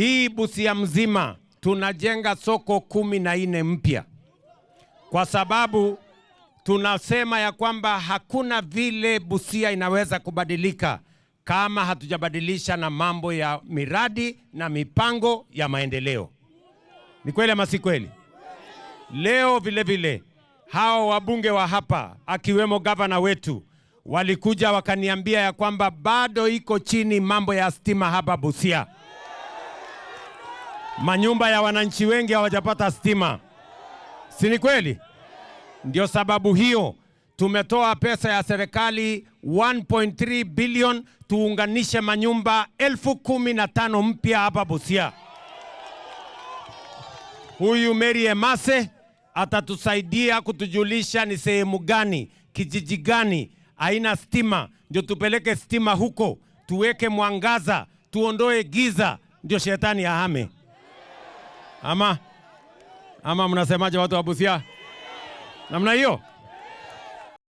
Hii Busia mzima tunajenga soko kumi na nne mpya kwa sababu tunasema ya kwamba hakuna vile Busia inaweza kubadilika kama hatujabadilisha na mambo ya miradi na mipango ya maendeleo. Ni kweli ama si kweli? Leo vilevile vile, hao wabunge wa hapa akiwemo gavana wetu walikuja wakaniambia ya kwamba bado iko chini mambo ya stima hapa Busia manyumba ya wananchi wengi hawajapata stima, si ni kweli? Ndio sababu hiyo tumetoa pesa ya serikali 1.3 billion tuunganishe manyumba elfu kumi na tano mpya hapa Busia. Huyu Mary Emase atatusaidia kutujulisha ni sehemu gani, kijiji gani haina stima, ndio tupeleke stima huko, tuweke mwangaza, tuondoe giza, ndio shetani ahame ama ama mnasemaje watu wa Busia namna hiyo?